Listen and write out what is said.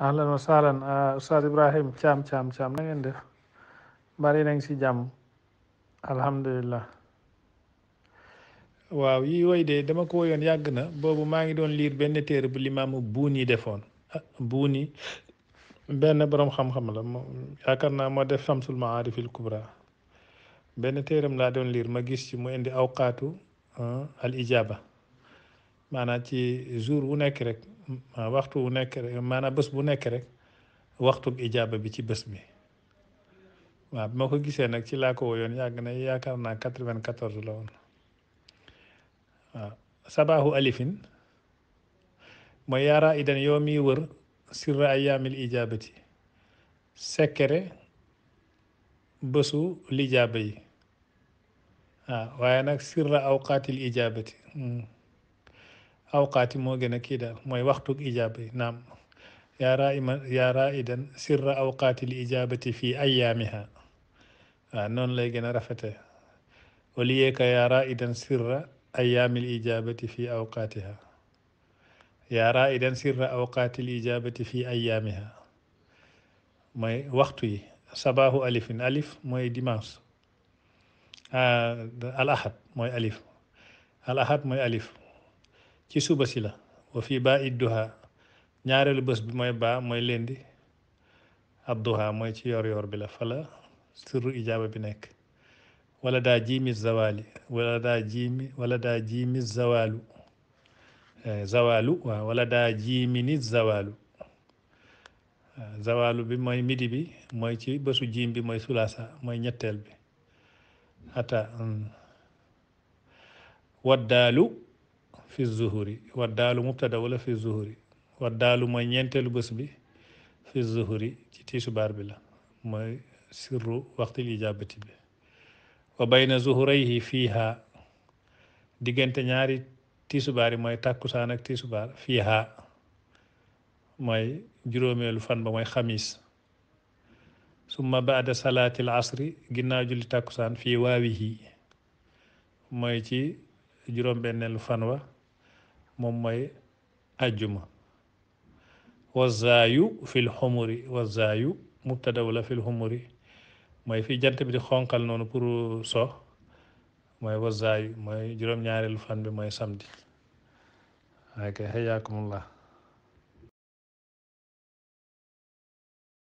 ahlan wa sahlan Oustaz ah, Ibrahim Thiam Thiam Thiam na def bari nañ si jàmm alhamdulillah waaw yi woy de dama ko woyoon yàgg na boobu maa ngi doon liir benn téere bu limaamu buuni defoon ah, buuni benn boroom xam-xam la yaakaar naa moo def samsul maarifil kubra benn téeram laa doon liir ma gis ci mu indi awqaatu ah, al maanaam ci jour wu nekk rek waxtu wu nekk rek maanaam bés bu nekk rek waxtu ijaaba bi ci bés bi waaw bi ma ko gisee nag ci laa ko woyoon yàgg na yaakaar naa quatre-vingt-quatorze la woon waaw sabaahu alifin mooy yaaraa idan yoo miy wër sirra ayaamil ijaabati sekkere bésu lijaaba yi waaw waaye nag sirra awqaatil ijaabati awqaati moo gën a kii daal mooy waxtug ijaaba yi naam yaa raima yaa raidan sirra awqaati li ijaabati fi ayaamiha waaw noonu lay gën a rafete au lieu que yaa raidan sirra ayaami l ijaabati fi awqaatiha yaa raidan sirra awqaati l ijaabati fi ayaamiha mooy waxtu yi sabaahu alifin alif mooy dimanche al ahad mooy alif al ahad mooy alif ci suba si la wa fii ba idduha ñaareelu bés bi mooy baa mooy lendi adduha mooy ci yor bila fala la fa sirru ijaaba bi nekk wala daa jiimi zawaali wala daa jiimi wala daa jiimi zawaalu eh, wala daa jiimi ni zawaalu eh, zawaalu bi mooy midi bi mooy ci bésu jiim bi mooy sulaasa mooy ñetteel bi ata hmm. waddaalu fi zuhuri wa mooy ñeenteelu bés bi fi zuhuri ci tisbaar bi la mooy sirru waxtil ijaabati bi wa bayna zuhurayhi fiiha diggante ñaari tisbaar yi mooy tàkkusaan ak tisbaar fiiha mooy juróomeelu fan ba mooy xamis summa baada salaatil asri ginnaaw julli tàkkusaan fii waawihi mooy ci juróom-benneelu fan moom mooy ajjuma wazaayu fil xumuri wazaayu mubtada wala fil xumuri mooy fi jant bi di xonqal noonu pour so mooy wazaayu mooy juróom-ñaareelu fan bi mooy samedi ok xëyaakumullah